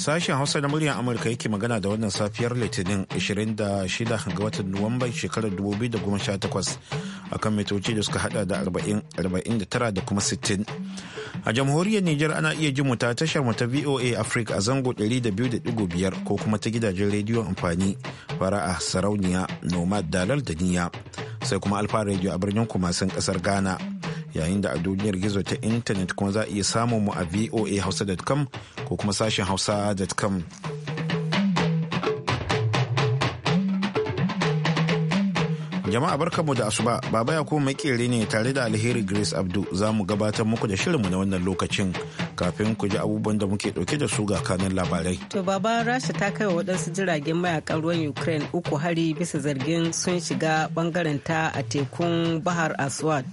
Sashen Hausa na muryar Amurka yake magana da wannan safiyar Litinin 26 ga watan Nuwamban shekarar 2018 akan mitoci da suka hada da 49 da kuma 60. A jamhuriyar Nijar ana iya jin ta tashar mu ta VOA Africa a zango 200.5 ko kuma ta gidajen rediyon amfani fara'a sarauniya nomad dalal da niya sai kuma alfa radio a birnin kumasin kasar Ghana. yayin da a duniyar gizo ta intanet kuma za a iya samun mu a voahausa.com ko kuma sashen hausa.com jama'a barkamu da asuba baba ya kuma makere ne tare da alheri grace abdu za mu gabatar muku da shirinmu na wannan lokacin kafin ku ji abubuwan da muke dauke da su ga kanan labarai to baba rasha ta kai wa waɗansu jiragen mayakan ruwan ukraine uku hari bisa zargin sun shiga bangaren ta a tekun bahar aswad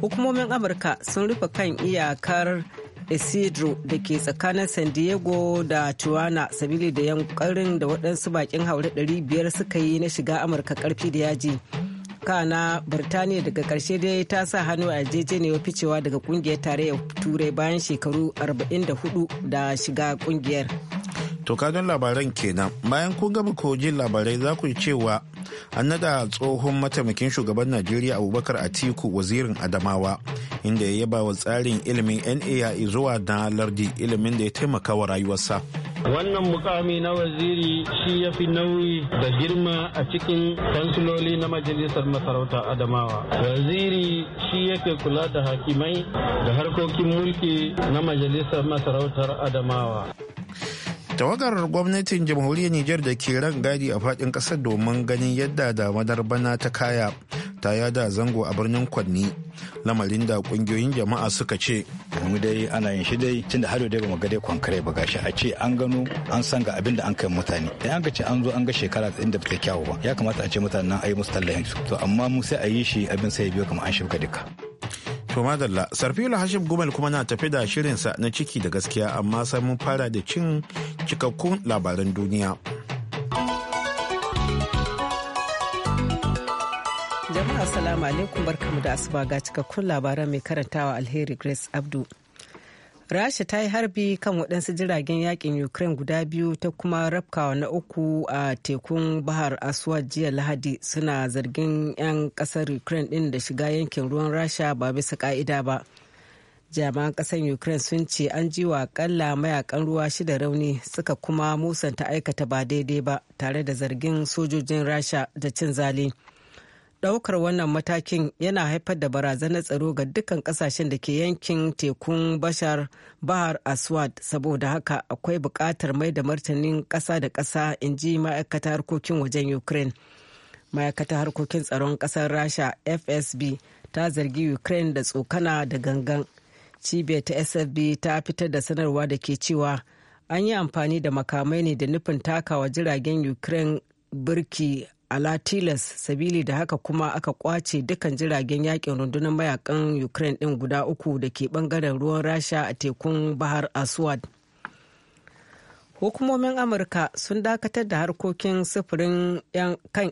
hukumomin amurka sun rufe kan iyakar isidro da ke tsakanin san diego da tijuana sabili da yankarin da waɗansu bakin haure 500 suka yi na shiga amurka karfi da yaji kana birtaniya daga ƙarshe dai ta sa hannu a yarjejeniyar ficewa daga kungiyar tarayyar turai bayan shekaru 44 da shiga ƙungiyar. To kanun labaran kenan bayan kun gama kogin labarai za ku yi cewa an nada tsohon mataimakin shugaban Najeriya Abubakar Atiku wazirin Adamawa inda ya yaba wa tsarin ilimin NA zuwa na lardi ilimin da ya taimaka wa rayuwarsa. wannan mukami na waziri shi ya fi nauyi da girma a cikin kansuloli na majalisar masarauta adamawa waziri shi yake kula da hakimai da harkokin mulki na majalisar masarautar adamawa tawagar gwamnatin jamhuriyar nijar da ke ran gadi a fadin kasar domin ganin yadda damadar bana ta kaya ta yada zango a birnin kwanni lamarin da kungiyoyin jama'a suka ce mu dai ana yin shi dai tunda har dai bamu ga dai kwankare ba gashi a ce an gano an san ga abin da an kai mutane idan an ga ce an zo an ga shekara inda ba ta kyawu ba ya kamata a ce mutanen nan ayi musu tallahin su to amma mu sai a yi shi abin sai biyo kamar an shirka duka To madalla, Sarfilu Hashim Gumal kuma na tafi da shirinsa na ciki da gaskiya amma sai mun fara da cin cikakkun labaran duniya. Jama'a salama alaikum barkamu da asuba ga cikakkun labaran mai karantawa alheri Grace Abdu. rasha ta yi harbi kan waɗansu jiragen yakin ukraine guda biyu ta kuma rafkawa na uku a tekun bahar aswad jiya lahadi suna zargin 'yan ƙasar ukraine ɗin da shiga yankin ruwan rasha ba bisa ƙa'ida ba jami'an ƙasar ukraine sun ce an ji wa ƙalla mayakan ruwa shida rauni suka kuma musanta aikata ba daidai ba tare da zargin sojojin rasha da cin zali. daukar wannan matakin yana haifar da barazanar tsaro ga dukkan kasashen da ke yankin tekun bashar bahar aswad saboda haka akwai bukatar mai da martanin ƙasa da ƙasa in ji ma'aikata harkokin wajen ukraine ma'aikata harkokin tsaron ƙasar rasha fsb ta zargi ukraine da tsokana da gangan cibiyar ta sfb ta fitar da sanarwa da ke cewa an yi amfani da makamai ne da nufin takawa jiragen ukraine birki alatilas sabili da haka kuma aka kwace dukkan jiragen yakin rundunar mayakan ukraine din guda uku da ke bangaren ruwan rasha a tekun bahar aswad hukumomin amurka sun dakatar da harkokin sufurin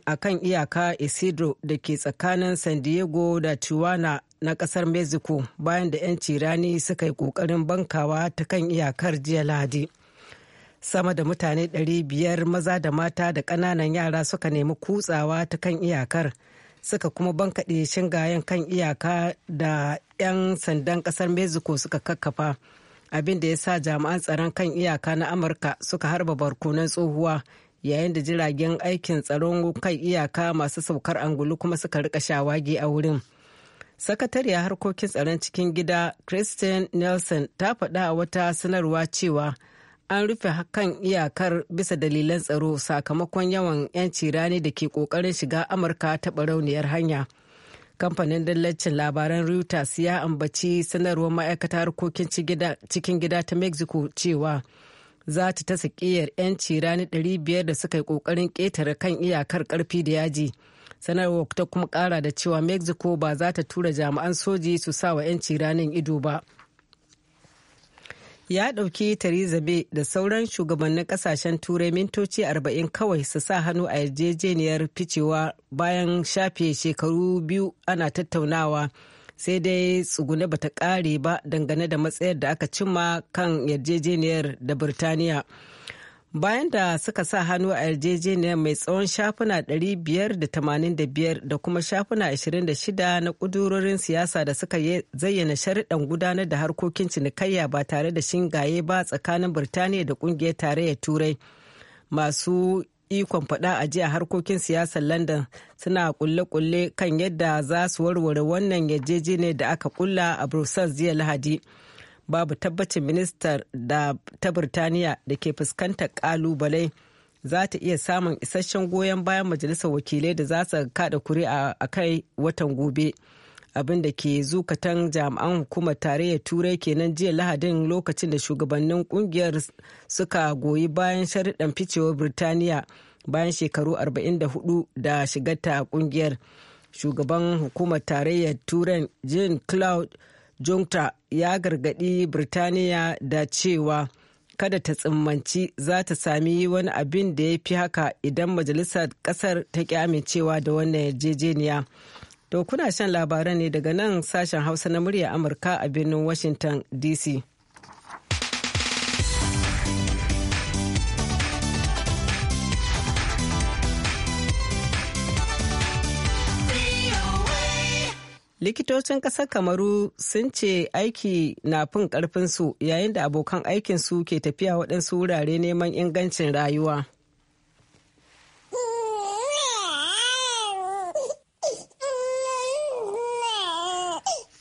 a kan iyaka isidro da ke tsakanin san diego da tijuana na kasar mexico bayan da 'yan cirani suka yi kokarin bankawa ta kan iyakar jiya lahadi sama da mutane 500 maza da mata da ƙananan yara suka nemi kutsawa ta kan iyakar suka kuma bankaɗe shingayen kan iyaka da 'yan sandan ƙasar mexico suka kakkafa abin da ya sa jami'an tsaron kan iyaka na amurka suka harba barkonan tsohuwa yayin da jiragen aikin tsaron kan iyaka masu saukar angulu kuma suka rika shawagi a wurin sakatariya harkokin tsaron cikin gida christine nelson ta faɗa a wata sanarwa cewa an rufe kan iyakar bisa dalilan tsaro sakamakon yawan 'yanci rani da ke kokarin shiga amurka ta barauniyar hanya kamfanin dallacin labaran reuters ya ambaci sanarwar ma'aikatar harkokin cikin gida ta mexico cewa za ta ta sakiyar 'yanci rani 500 da suka yi kokarin ƙetare kan iyakar karfi da yaji sanarwar ta kuma kara da cewa mexico ba za ta tura jami'an soji su sa wa 'yanci ranin ido ba. ya ɗauki Theresa May da sauran shugabannin kasashen turai mintoci 40 kawai su sa hannu a yarjejeniyar ficewa bayan shafe shekaru biyu ana tattaunawa sai dai tsugune bata ƙare ba dangane da matsayar da aka cimma kan yarjejeniyar da Birtaniya. bayan da suka sa hannu a yarjejeniyar mai tsawon shafuna 585 da kuma shafuna 26 na kudurorin siyasa da suka zayyana sharidan gudanar da harkokin cinikayya ba tare da shingaye ba tsakanin birtaniya da kungiyar tarayyar turai masu ikon faɗa a jiya harkokin siyasar london suna kulle-kulle kan yadda za su warware wannan yarjejeniyar da aka kulla a brussels jiya lahadi babu tabbacin ministar da ta birtaniya da ke fuskantar kalubale za ta iya samun isasshen goyon bayan majalisar wakilai da za su kada kuri'a a kai watan gobe abin da ke zukatan jami'an hukumar tarayyar turai kenan jiya lahadin lokacin da shugabannin kungiyar suka goyi bayan sharidan ficewar birtaniya bayan shekaru 44 da shigarta a kungiyar shugaban hukumar tarayyar turai jean claude junta ya gargadi birtaniya da cewa kada ta tsimmanci za ta sami wani abin da ya fi haka idan majalisar kasar ta ki amincewa da wannan yarjejeniya to kuna shan labaran ne daga nan sashen hausa na murya amurka a birnin washington dc likitocin ƙasar kamaru sun ce aiki na fin ƙarfinsu yayin da abokan aikinsu ke tafiya waɗansu wurare neman ingancin rayuwa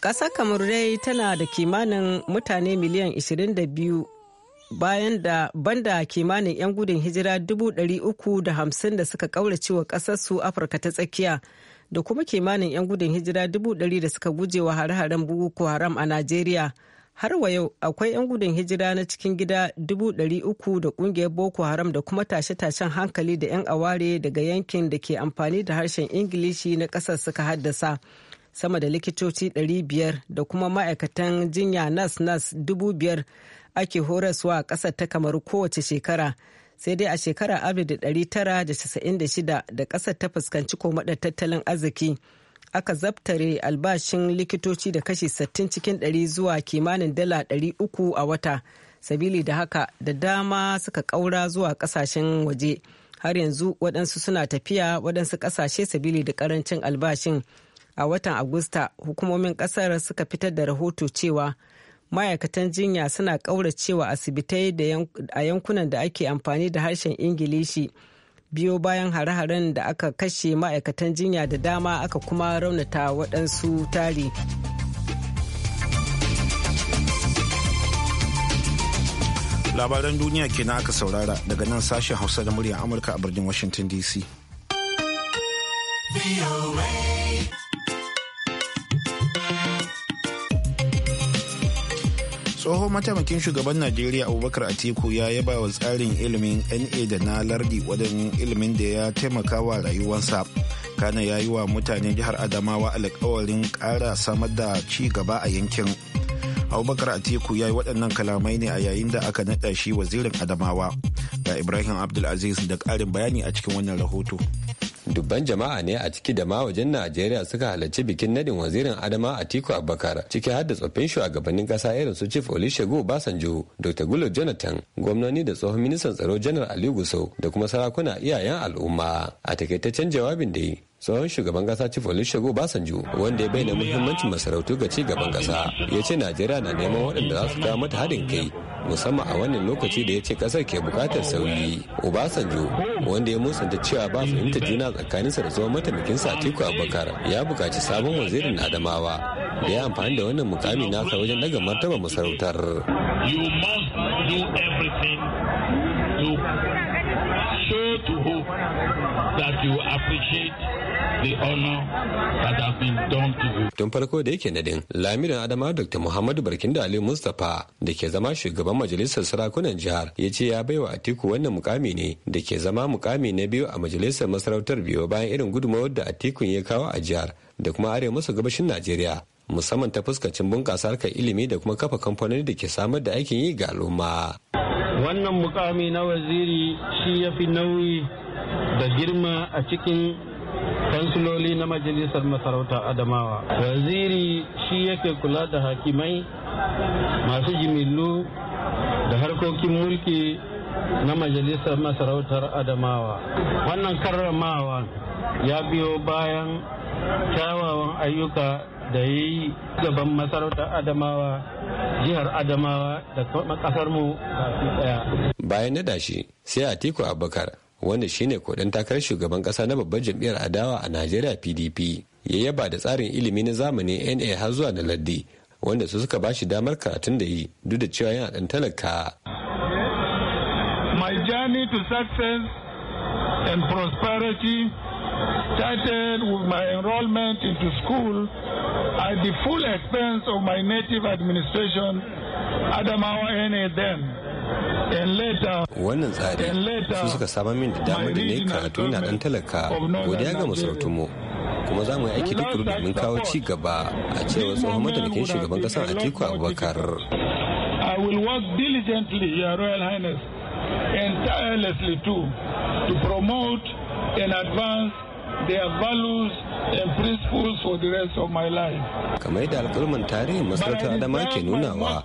ƙasar kamaru dai tana da kimanin mutane miliyan 22 bayan da banda kimanin 'yan gudun hijira 350 da suka ƙaurace wa ƙasarsu afirka ta tsakiya da kuma kimanin 'yan gudun hijira dubu ɗari da suka guje wa hare-haren boko haram a najeriya har wa yau akwai 'yan gudun hijira na cikin gida dubu uku da kungiyar boko haram da kuma tashe-tashen hankali da 'yan aware daga yankin da ke amfani da harshen ingilishi na ƙasar suka haddasa sama da likitoci biyar da kuma ma'aikatan jinya nas nas biyar ake horaswa a ƙasar ta kamar kowace shekara sai dai a shekarar alif da tara da da shida ƙasar ta fuskanci komaɗar tattalin arziki aka zabtare albashin likitoci da kashi sittin cikin 100 zuwa kimanin dala uku a wata sabili da haka da dama suka ƙaura zuwa ƙasashen waje har yanzu waɗansu suna tafiya waɗansu ƙasashe sabili da ƙarancin albashin a watan agusta hukumomin ƙasar suka fitar da rahoto cewa ma'aikatan jinya suna ƙauracewa asibitai a yankunan da ake amfani da harshen ingilishi biyo bayan hare-haren da aka kashe ma'aikatan jinya da dama aka kuma raunata waɗansu tari. labaran duniya kenan aka saurara daga nan sashen hausa da murya amurka a birnin washington dc. tsohon mataimakin shugaban najeriya abubakar atiku ya yaba wa tsarin ilimin na da na lardi wadannan ilimin da ya taimaka wa rayuwarsa kana ya yi wa mutanen jihar adamawa alkawarin kara samar da ci gaba a yankin abubakar atiku ya yi waɗannan kalamai ne a yayin da aka naɗa shi wazirin adamawa ga ibrahim abdulaziz da ƙarin bayani a cikin wannan rahoto dubban jama'a ne a ciki da ma wajen najeriya suka halarci bikin nadin wazirin adama atiku abubakar ciki har da tsoffin shugabannin kasa irin su chief olusegun obasanjo dr gulo jonathan gwamnoni da tsohon ministan tsaro janar Aliyu gusau da kuma sarakuna iyayen al'umma a takaitaccen jawabin da yi tsohon shugaban kasa chief olusegun obasanjo wanda ya bayyana muhimmancin masarautu ga ci gaban kasa ya ce najeriya na neman waɗanda za su kawo mata hadin kai musamman a wannan lokaci da ya ce kasar ke bukatar sauyi obasanjo wanda ya musanta cewa ba fahimta juna tsakaninsa da tsohon mataimakin atiku abubakar ya buƙaci sabon wazirin adamawa da ya amfani da wannan mukami nasa wajen daga martaba masarautar to show to hope that you appreciate Tun farko da yake nadin, Lamirin Adama Dr. Muhammadu Barkinda Ali Mustapha da ke zama shugaban majalisar sarakunan jihar ya ce ya baiwa Atiku wannan mukami ne da ke zama mukami na biyu a majalisar masarautar biyu bayan irin gudunmawar da Atikun ya kawo a jihar da kuma arewa masu gabashin Najeriya. musamman ta fuskacin bunƙasa harkar ilimi da kuma kafa kamfanoni da ke samar da aikin yi ga al'umma. Wannan mukami na waziri shi ya fi nauyi da girma a cikin kansuloli na majalisar masarauta adamawa waziri shi yake kula da hakimai masu jimillu da harkokin mulki na majalisar masarautar adamawa wannan karramawa ya biyo bayan kyawawan ayyuka da ya yi gaban masarautar adamawa jihar adamawa da kasar mu daya bayan da shi sai atiku abubakar wanda shine kudin takarar shugaban kasa na babbar jam'iyyar adawa a najeriya pdp ya yaba da tsarin ilimi na zamani na har zuwa da laddi wanda su suka bashi damar karatun da yi duk da cewa yana dan talaka my journey to success and prosperity started with my enrollment into school at the full expense of my native administration adamawa na then wannan tsari su suka samar min da damar da na yi karatu ina dan talaka godiya ga masarautunmu kuma za mu yi aiki tukuru domin kawo ci gaba a cewar tsohon mataimakin shugaban kasar atiku abubakar I will work diligently, Your Royal Highness, and tirelessly too, to promote and advance their values and principles for the rest of my life. Kamar yadda alƙalman tarihin masarautar Adama ke nunawa,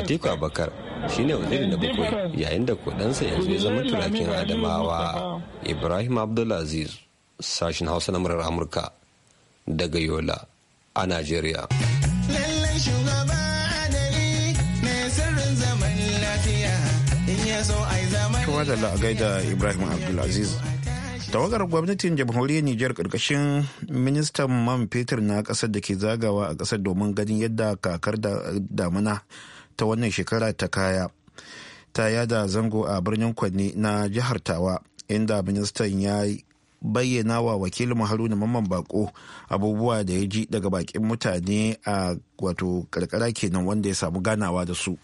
Atiku Abakar shi shine wazirin na bakwai yayin da kudansa yanzu ya zama turakin Adamawa. Ibrahim Abdulaziz, sashen Hausa na murar Amurka, daga Yola a Najeriya. Lallai shugaba sirrin Kowa da la'agai da Ibrahim Abdulaziz. tawagar gwamnatin jamhuriyar nijar karkashin ministan man fetur na kasar da ke zagawa a kasar domin ganin yadda kakar damuna ta wannan shekara ta kaya ta yada zango a birnin kwanne na jihar tawa inda ministan ya bayyana wa wakilin haruna mamman bako abubuwa da ya ji daga bakin mutane a wato karkara kenan wanda ya samu ganawa da su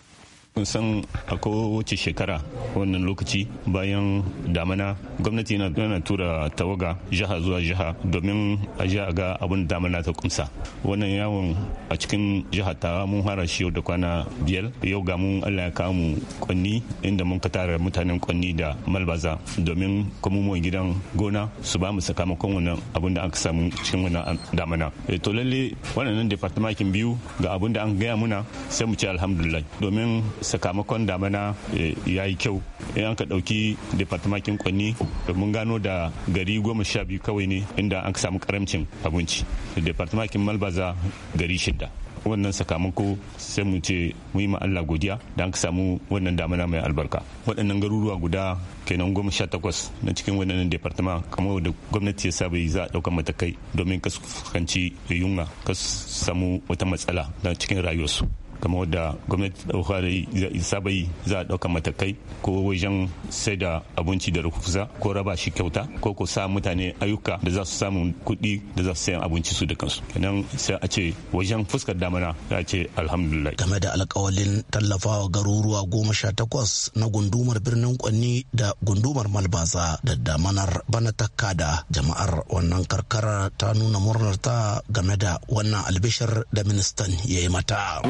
kun san a kowace shekara wannan lokaci bayan damana gwamnati yana tura tawaga jiha zuwa jiha domin a ji a ga abin damana ta kumsa wannan yawon a cikin jiha ta mun fara shi yau da kwana biyar yau ga mun allah ya kawo kwanni inda mun katara mutanen kwanni da malbaza domin kuma gidan gona su ba mu sakamakon wannan abin da aka samu cikin wannan damana eh, to lalle waɗannan departamentin biyu ga abin da an gaya muna sai mu ce alhamdulillah domin sakamakon damana eh, ya yi kyau in an ka ɗauki departamakin kwanni mun gano da gari goma sha biyu kawai ne inda an samu karamcin abinci departamakin malbaza gari shida wannan sakamako sai mu ce mu yi ma Allah godiya da an samu wannan damana mai albarka waɗannan garuruwa guda kenan goma sha takwas na cikin waɗannan departama kamar da gwamnati ya saba yi za a ɗaukar matakai domin kasu fuskanci yunwa ka samu wata matsala na cikin rayuwarsu kamar da gwamnati ɗauka da yi za a ɗauka matakai ko wajen sai da abinci da rufusa ko raba shi kyauta ko ko sa mutane ayyuka da za su samu kuɗi da za su sayan abinci su da kansu kenan sai a ce wajen fuskar damana za a ce alhamdulillah game da alƙawalin tallafawa garuruwa goma sha takwas na gundumar birnin kwanni da gundumar malbaza da damanar bana takkada jama'ar wannan karkara ta nuna murnar ta game da wannan albishar da ministan ya yi mata.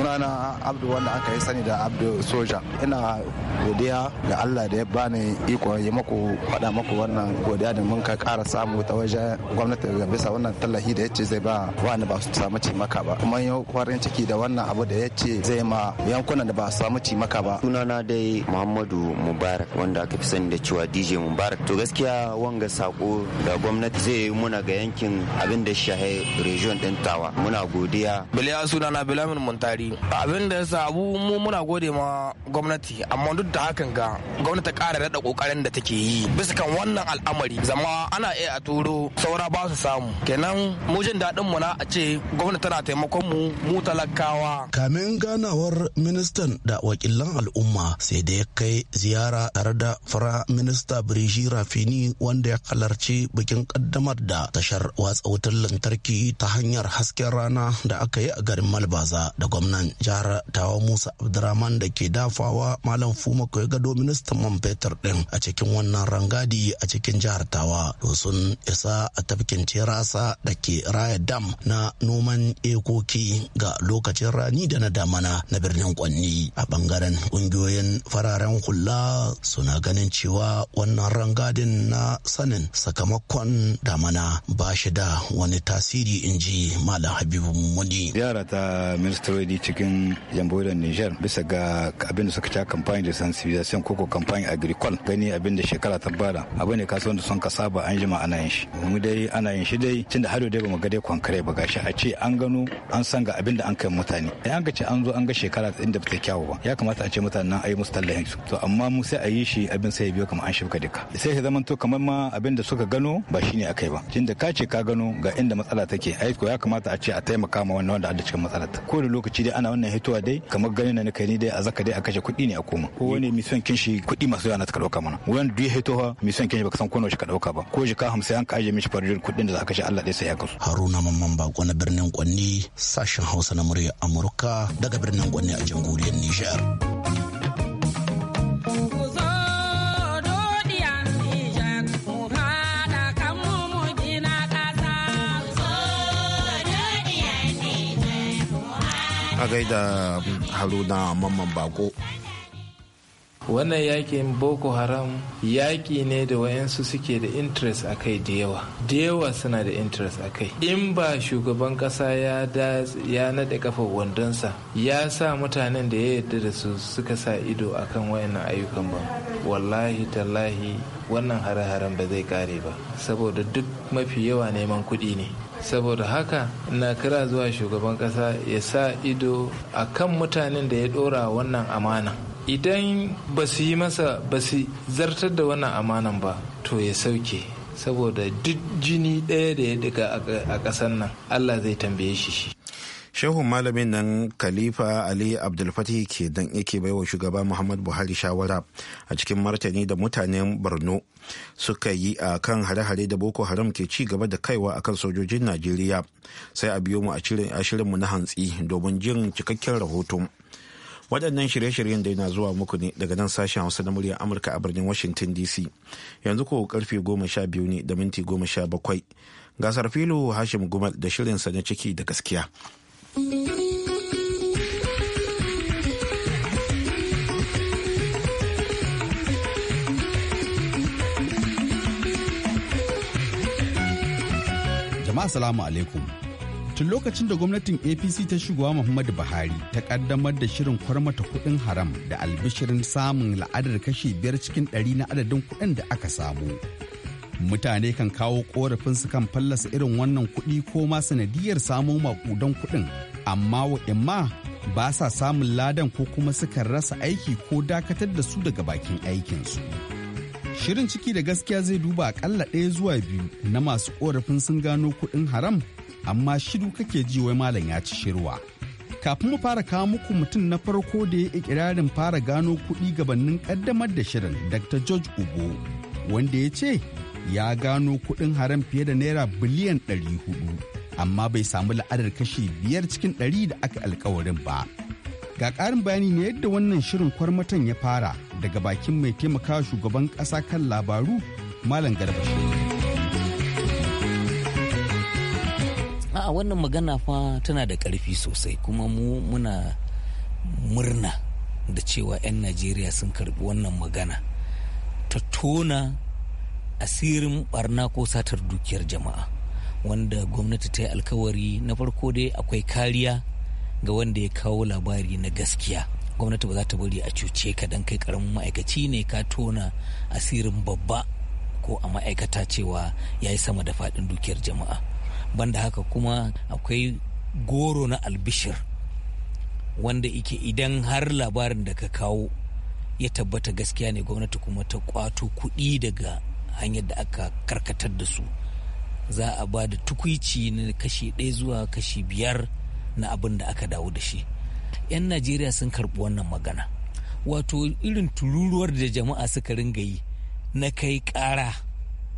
abdu wanda aka yi sani da abdu soja ina godiya ga allah da ya bani iko yi maku faɗa maku wannan godiya da mun ka ƙara samu ta wajen gwamnati da bisa wannan tallafi da ya ce zai ba wani ba su samu cimaka ba kuma yau farin ciki da wannan abu da ya ce zai ma yankunan da ba su samu cimaka ba sunana dai muhammadu mubarak wanda aka fi sani da cewa dj mubarak to gaskiya wanga sako da gwamnati zai yi muna ga yankin abin da shahe region din tawa muna godiya biliya sunana bilamin muntari abin da yasa abu mu muna gode ma gwamnati amma duk da hakan ga gwamnati ta ƙara daɗa ƙoƙarin da take yi bisa kan wannan al'amari zama ana iya a turo saura ba su samu kenan mu jin daɗin mu na a ce gwamnati tana taimakon mu mu talakawa. kamin ganawar ministan da wakilan al'umma sai da ya kai ziyara tare da fara minista Birji Rafini wanda ya halarci bikin kaddamar da tashar watsa wutar lantarki ta hanyar hasken rana da aka yi a garin Malbaza da gwamnan jihar jihar tawa musa abdurrahman da ke dafawa malam fuma kai gado ministan man fetur din a cikin wannan rangadi a cikin jihar tawa sun isa a tafkin cerasa da ke raya dam na noman ekoki ga lokacin rani da na damana na birnin kwanni a bangaren kungiyoyin fararen hula suna ganin cewa wannan rangadin na sanin sakamakon damana ba shi da wani tasiri in ji malam habibu muni yara ta ministrodi cikin jamhuriyar niger bisa ga abin da suka ta campaign de sensibilisation koko campaign agricole gani abin da shekara ta bara abin da kasuwan da sun ka saba an jima ana yin shi mu dai ana yin shi dai tunda har dai bamu ga dai kwankare ba gashi a ce an gano an san ga abin da an kai mutane ai an ga ce an zo an ga shekara inda ba ta kyawu ba ya kamata a ce mutanen nan ayi musu tallafin su to amma mu sai a yi shi abin sai ya biyo kamar an shifka duka sai ya zamanto kamar ma abin da suka gano ba shine akai ba tunda ka ce ka gano ga inda matsala take ai ko ya kamata a ce a taimaka ma wannan wanda a cikin matsalar ko da lokaci dai ana wannan yanayin hituwa dai kamar ganin na kai ni dai a zaka dai a kashe kuɗi ne a koma ko wani mission kin shi kuɗi masu yawa na ka ɗauka mana wani duk ha mission kin shi baka san ko shi ka ɗauka ba ko jika hamsin an kaje mishi farjin kuɗin da za a kashe Allah dai sai ya kasu. Haruna Mamman Bako na birnin Kwanni sashen Hausa na murya Amurka daga birnin Kwanni a jamhuriyar Nijar. a gaida haruna mamman bako wannan yakin boko haram yaki ne da wayansu suke da interest a kai da yawa da yawa suna da interest a kai in ba shugaban kasa ya ya naɗe kafa wandonsa ya sa mutanen da ya yarda da su suka sa ido akan wayannan ayyukan ba wallahi tallahi wannan hare-haren ba zai kare ba saboda duk mafi yawa neman kuɗi ne saboda haka na kira zuwa shugaban kasa ya sa ido a kan mutanen da ya dora wannan amana idan ba su yi masa ba su zartar da wannan amanan ba to ya sauke saboda duk jini ɗaya da ya diga a ƙasar nan allah zai tambaye shi shi shehun malamin nan khalifa ali abdulfatih ke dan yake baiwa shugaba muhammad buhari shawara a cikin martani da mutanen borno suka yi a kan hare-hare da boko haram ke ci gaba da kaiwa akan sojojin najeriya sai a biyo mu a shirinmu na hantsi domin jin cikakken rahoto waɗannan shirye-shiryen da yana zuwa muku ne daga nan sashen hausa na muryar amurka a birnin washington dc yanzu ko karfe goma sha biyu ne da minti goma sha bakwai gasar filo hashim gumal da shirinsa na ciki da gaskiya jama'a salamu alaikum tun lokacin da gwamnatin apc ta shugaba muhammadu buhari ta kaddamar da shirin kwarmata kuɗin haram da albishirin samun la'adar kashi biyar cikin ɗari na adadin kuɗin da aka samu mutane kan kawo su kan fallasa irin wannan kuɗi ko ma sanadiyar samo maƙudan kuɗin amma wa'imma ba sa samun ladan ko kuma sukan rasa aiki ko dakatar da su daga bakin aikinsu shirin ciki da gaskiya zai duba akalla ɗaya zuwa biyu na masu korafin sun gano kuɗin haram amma shiru kake ji wai malam ya ci shirwa kafin mu fara kawo muku mutum na farko da ya ikirarin fara gano kuɗi gabanin ƙaddamar da shirin dr george ugo wanda ya ce ya gano kuɗin haram fiye da naira biliyan 400 amma bai samu la'adar kashi biyar cikin ɗari da aka alkawarin ba ga ƙarin bayani ne yadda wannan shirin kwarmatan ya fara daga bakin mai taimaka shugaban ƙasa kan labaru malam garba a wannan magana fa tana da karfi sosai kuma mu muna murna da cewa 'yan najeriya sun karbi wannan magana ta tona asirin barna ko satar dukiyar jama'a wanda gwamnati ta yi alkawari na farko dai akwai kariya ga wanda ya kawo labari na gaskiya gwamnati ba za ta bari a cuce ka dan kai karamin ma'aikaci ne ka tona asirin babba ko a ma'aikata cewa ya yi sama da faɗin dukiyar jama'a banda haka kuma akwai goro na albishir wanda ike idan har labarin da ka kawo ya tabbata gaskiya ne gwamnati kuma ta kwato kuɗi daga hanyar da aka karkatar da su za a ba da tukwici na kashi ɗaya zuwa kashi biyar na abin da aka dawo da shi 'yan najeriya sun karɓi wannan magana wato irin tururuwar da jama'a suka ringa yi na kai ƙara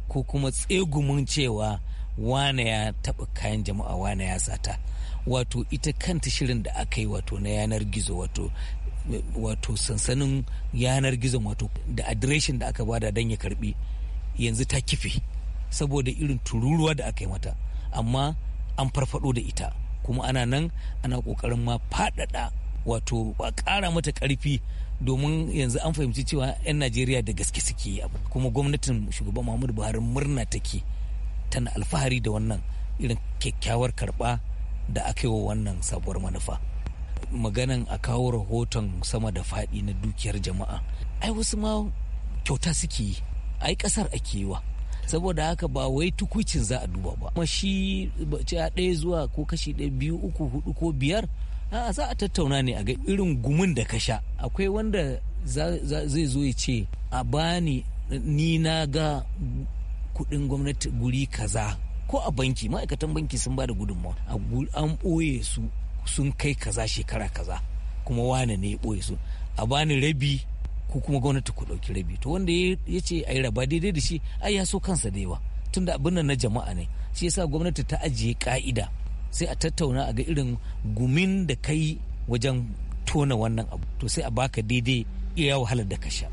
ko kuma tsegumin cewa wane ya taɓa kayan jama'a wane ya sata wato ita kanta shirin da aka yi wato na yanar gizo wato wato sansanin yanar gizon wato da adireshin da aka bada don ya karbi yanzu ta kife saboda irin tururuwa da aka yi mata amma an farfado da ita kuma ana nan ana kokarin ma faɗaɗa wato ba ƙara mata ƙarfi domin yanzu an fahimci cewa 'yan najeriya da gaske suke yi abu kuma gwamnatin shugaban muhammadu buhari murna take tana alfahari da wannan irin kyakkyawar karɓa da aka yi wa wannan sabuwar manufa maganan a kawo rahoton sama da faɗi na dukiyar jama'a ai wasu ma kyauta suke yi ai kasar ake kewa saboda haka ba wai tukucin za a duba ba kuma shi a ɗaya zuwa ko kashi ɗaya biyu uku hudu ko biyar a za a tattauna ne a ga irin gumin da ka sha akwai wanda zai zo ya ce a bani ni na ga kudin gwamnati guri kaza ko a banki ma'aikatan banki sun ba da gudunmawa an ɓoye su sun kai kaza shekara kaza kuma wane ne ya ɓoye su a bani rabi ko kuma gwamnati ku ɗauki rabi to wanda ya ce a yi raba daidai da shi ai ya so kansa da yawa tunda abin nan na jama'a ne shi yasa gwamnati ta ajiye ka'ida sai a tattauna a ga irin gumin da kai wajen tona wannan abu to sai a baka daidai iya wahalar da ka sha.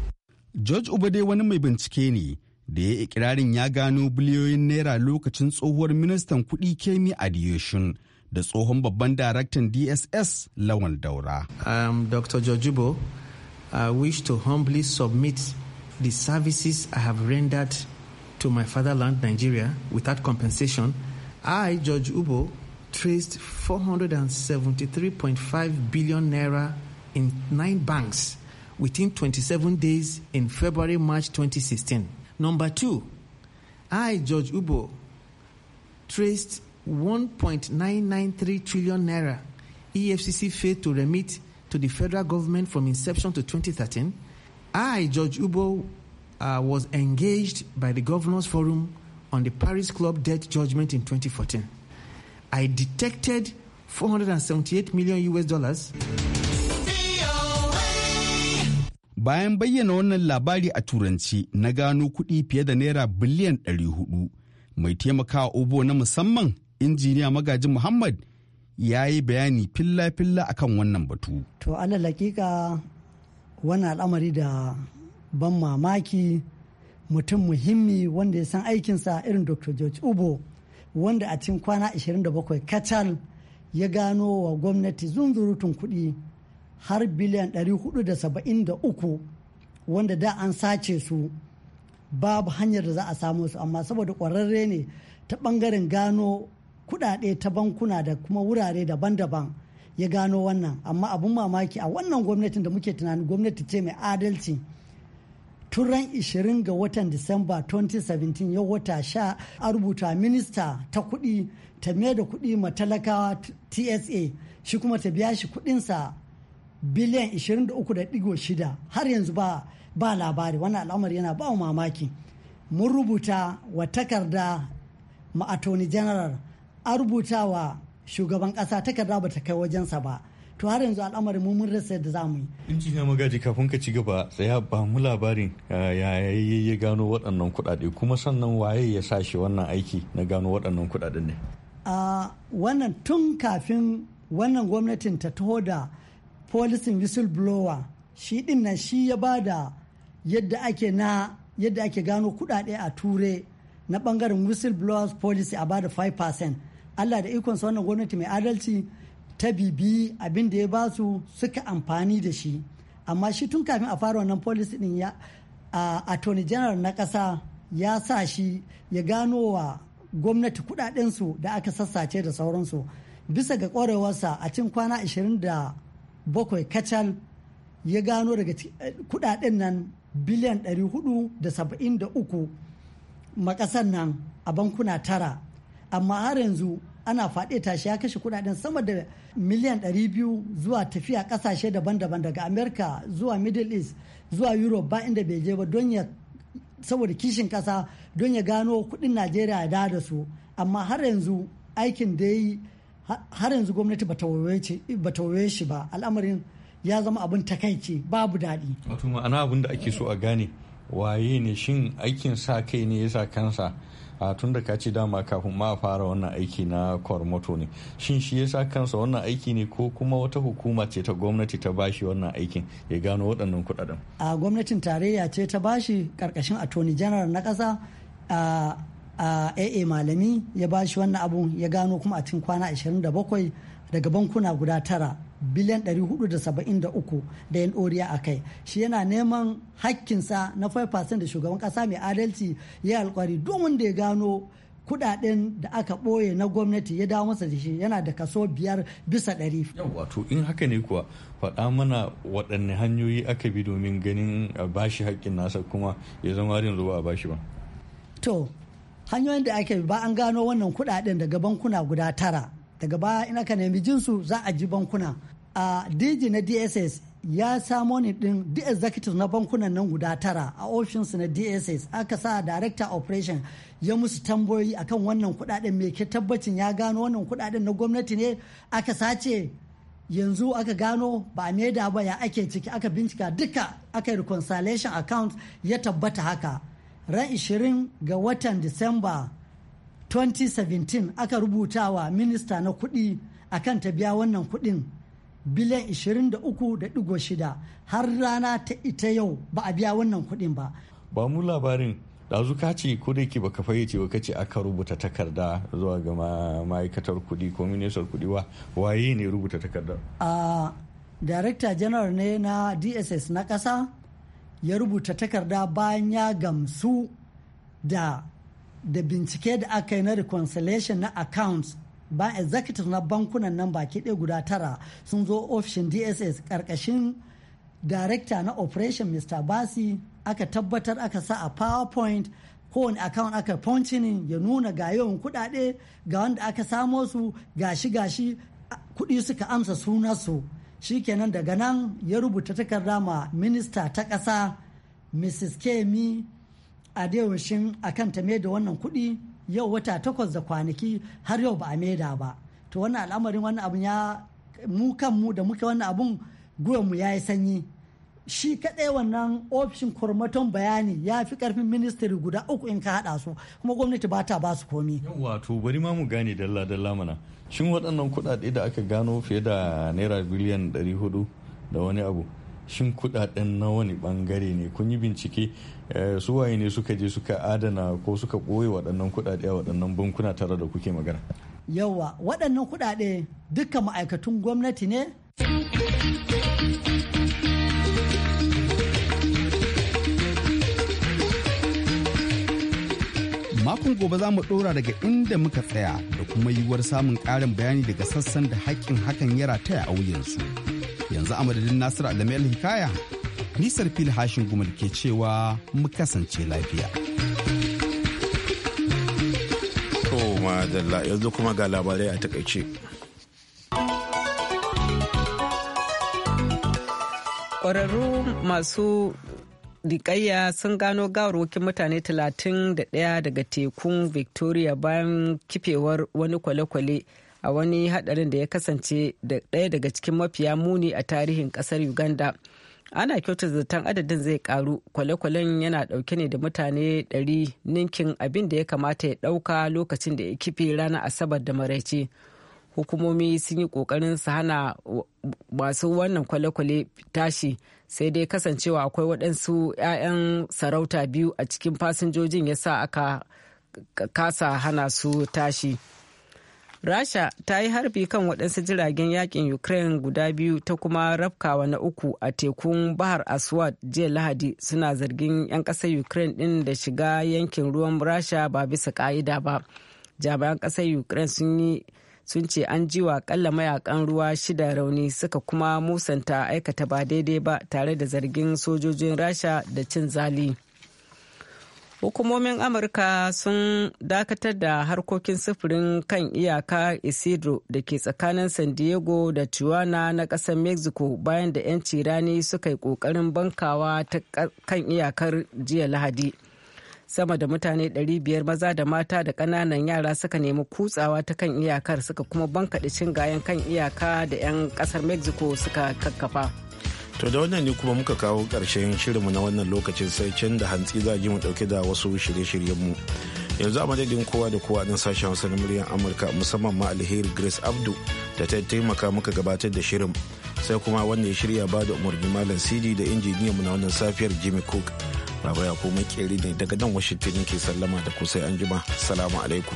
George Ubade wani mai bincike ne da ya ikirarin ya gano biliyoyin naira lokacin tsohuwar ministan kuɗi Kemi Adiyoshin da tsohon babban daraktan DSS Lawal Daura. Um, Dr. ubo I wish to humbly submit the services I have rendered to my fatherland, Nigeria, without compensation. I, George Ubo, traced 473.5 billion naira in nine banks within 27 days in February, March 2016. Number two, I, George Ubo, traced 1.993 trillion naira. EFCC failed to remit to the federal government from inception to 2013, I, George Ubo, uh, was engaged by the Governors Forum on the Paris Club debt judgment in 2014. I detected 478 million US dollars. Bayan bayyana wannan labari a Turanci na gano kuɗi fiye da Naira biliyan 400 mai taimakawa obo na musamman injiniya magajin Muhammad ya yi bayani filla-filla akan wannan batu. To alal hakika wannan al'amari da ban mamaki mutum muhimmi wanda ya san aikinsa irin Dr. George Ubo wanda a cikin kwana 27 kacal ya gano wa gwamnati zunzurutun kuɗi har biliyan 473 wanda da an sace su babu hanyar da za a samu su amma saboda kwararre ne ta ɓangaren gano kuɗaɗe ta bankuna da kuma wurare daban-daban ya gano wannan amma abun mamaki a wannan gwamnatin da muke tunanin gwamnati ce mai adalci turan 20 ga watan disamba 2017 yau wata sha a rubuta minista ta kuɗi ta mai da kuɗi ma talakawa tsa shi kuma ta biya shi kuɗinsa biliyan 23.6 har yanzu ba ba labari wannan al'amari yana ba mamaki mun rubuta wa takarda ma attorney general a rubutawa shugaban kasa takarda ba ta kai wajensa ba to har yanzu al'amarin mu mun rasa yadda zamu yi injiniya na magaji kafin ka ci gaba tsaya ba mu labarin ya ya gano waɗannan kuɗaɗe kuma sannan waye ya sa shi wannan aiki na gano waɗannan kuɗaɗen ne a wannan tun kafin wannan gwamnatin ta taho da polisin whistleblower shi din nan shi ya bada yadda ake na yadda ake gano kuɗaɗe a ture na bangaren whistleblowers policy a bada 5% allah da ikon wannan gwamnati mai adalci ta bibi abin da ya ba su suka amfani da shi amma shi tun kafin a fara wannan policy din ya attorney general na ƙasa ya sa shi ya gano wa gwamnati kudadensu da aka sassace da sauransu bisa ga ƙwarewarsa a cikin kwana 27 kacal ya gano daga eh, kudaden nan biliyan 473 makasan nan a bankuna tara amma har yanzu ana faɗe tashi ya kashe kudaden sama da miliyan 200 zuwa tafiya kasashe daban-daban daga america zuwa middle east zuwa europe ba inda bai je ba don ya saboda kishin kasa don ya gano kudin najeriya da da su amma har yanzu aikin da yi har yanzu gwamnati ba ta shi ba al'amarin ya zama abin takaici babu daɗi wato ma'ana abin da ake so a gane waye ne shin aikin sa kai ne ya sa kansa a tun da ka ci dama kafin ma fara wannan aiki na kwarmoto ne shin shi yasa kansa wannan aiki ne ko kuma wata hukuma ce ta gwamnati ta bashi wannan aikin ya gano waɗannan kuɗaɗen a gwamnatin tarayya ce ta bashi karkashin attorney general na kasa a aa malami ya bashi wannan abun ya gano kuma a cikin kwana 27 daga bankuna guda tara biliyan 473 da yan ɗoriya a kai shi yana neman hakkinsa na 5% da shugaban ƙasa mai adalci ya alkwari domin da ya gano kudaden da aka ɓoye na gwamnati ya dawo masa da shi yana da kaso biyar bisa ɗari. wato in haka ne kuwa faɗa mana waɗanne hanyoyi aka bi domin ganin a bashi haƙƙin nasa kuma ya zama yanzu ba a bashi ba. to hanyoyin da ake bi ba an gano wannan kudaden daga bankuna guda tara daga baya ina ka nemi jinsu za a ji bankuna a dj na dss ya samo ni din executive na bankunan nan guda tara a ofishinsu na dss aka sa director operation ya musu tambayoyi akan wannan kudaden me ke tabbacin ya gano wannan kudaden na gwamnati ne aka sace yanzu aka gano ba meda ba ya ake ciki aka bincika duka aka reconciliation account ya tabbata haka ran 20 ga watan disamba 2017 aka rubuta wa minista na kuɗi kan ta biya wannan kuɗin biliyan 23.6 har rana ta ita yau ba a biya wannan kuɗin ba. Ba mu labarin ɗazu ka ce ko da ke baka fayyace ba kace aka rubuta takarda zuwa ga ma'aikatar kuɗi ko ministar kuɗi wa waye ne rubuta takarda. A Director General ne na DSS na ƙasa ya rubuta takarda bayan ya gamsu da da bincike da aka yi na reconciliation na accounts ba executive na bankunan nan baki ɗaya guda tara sun zo ofishin dss ƙarƙashin director na operation mr basi aka tabbatar aka sa a powerpoint kowane account aka functioning ya nuna ga yawan kuɗaɗe ga wanda aka samo su gashi gashi kuɗi suka amsa sunansu shikenan daga nan ya rubuta takarda ma minista ta ƙasa mrs kemi a dayaushin a kan ta da wannan kuɗi yau wata takwas da kwanaki har yau ba a maida ba to wannan al'amarin wannan abun ya mu kanmu da muke wannan abun mu ya yi sanyi shi kaɗai wannan ofishin kurmaton bayani ya fi karfin ministry guda uku in ka haɗa su kuma gwamnati ba ta ba su komi. wato bari ma mu gane dalla dalla mana shin waɗannan kuɗaɗe da aka gano fiye da naira biliyan 400 da wani abu shin kudaden na wani bangare ne kun yi bincike eh, su waye ne suka je suka adana ko suka ɓoye waɗannan kudade a waɗannan bankuna tare da kuke magana yawa waɗannan kudade dukkan ma'aikatun gwamnati ne makon gobe za mu ɗora daga inda muka tsaya da kuma yiwuwar samun ƙarin bayani daga sassan da haƙƙin hakan ya rataya a wuyansu. yanzu a madadin nasiru alamel hikaya nisar fil hashin da ke cewa mu kasance lafiya yanzu kuma ga labarai a takaice kwararru masu dikayya sun gano gawarwakin mutane 31 daga tekun victoria bayan kifewar wani kwale-kwale a wani hadarin da ya kasance ɗaya daga cikin mafiya muni a tarihin ƙasar uganda ana kyauta zaton adadin zai karu kwale-kwalen yana ɗauke ne da mutane 100 ninkin abin da ya kamata ya ɗauka lokacin da ya kife ranar asabar da maraice hukumomi sun yi ƙoƙarin su hana masu wannan kwale-kwale tashi sai dai kasancewa akwai waɗansu 'ya'yan sarauta biyu a cikin fasinjojin ya sa aka kasa hana su tashi. rasha ta yi harbi kan waɗansu jiragen yakin ukraine guda biyu ta kuma rafkawa na uku a tekun bahar aswad jiya lahadi suna zargin 'yan ƙasar ukraine ɗin da shiga yankin ruwan rasha ba bisa ƙa'ida ba jami'an ƙasar ukraine sun yi sun ce an ji wa kalla mayakan ruwa shida rauni suka kuma musanta aikata ba daidai ba tare da zargin sojojin rasha da cin zali. hukumomin amurka sun dakatar da harkokin sufurin kan iyaka isidro da ke tsakanin san diego da tijuana na ƙasar mexico bayan da 'yan cirani suka yi ƙoƙarin bankawa ta kan iyakar jiya lahadi sama da mutane 500 maza da mata da ƙananan yara suka nemi kutsawa ta kan iyakar suka kuma bankaɗe cin gayan kan iyaka da 'yan ƙasar mexico suka kakkafa. To da wannan ne kuma muka kawo ƙarshen shirinmu na wannan lokacin sai can da hantsi za a mu ɗauke da wasu shirye-shiryenmu. Yanzu a madadin kowa da kowa ɗin sashen Hausa na muryar Amurka musamman ma alheri Grace Abdu da ta taimaka muka gabatar da shirin. Sai kuma wanda ya shirya ba da umarni Malam cd da injiniyanmu na wannan safiyar Jimmy Cook. Baba ya kuma ne daga nan Washington ke sallama da kusai anjima. Salamu alaikum.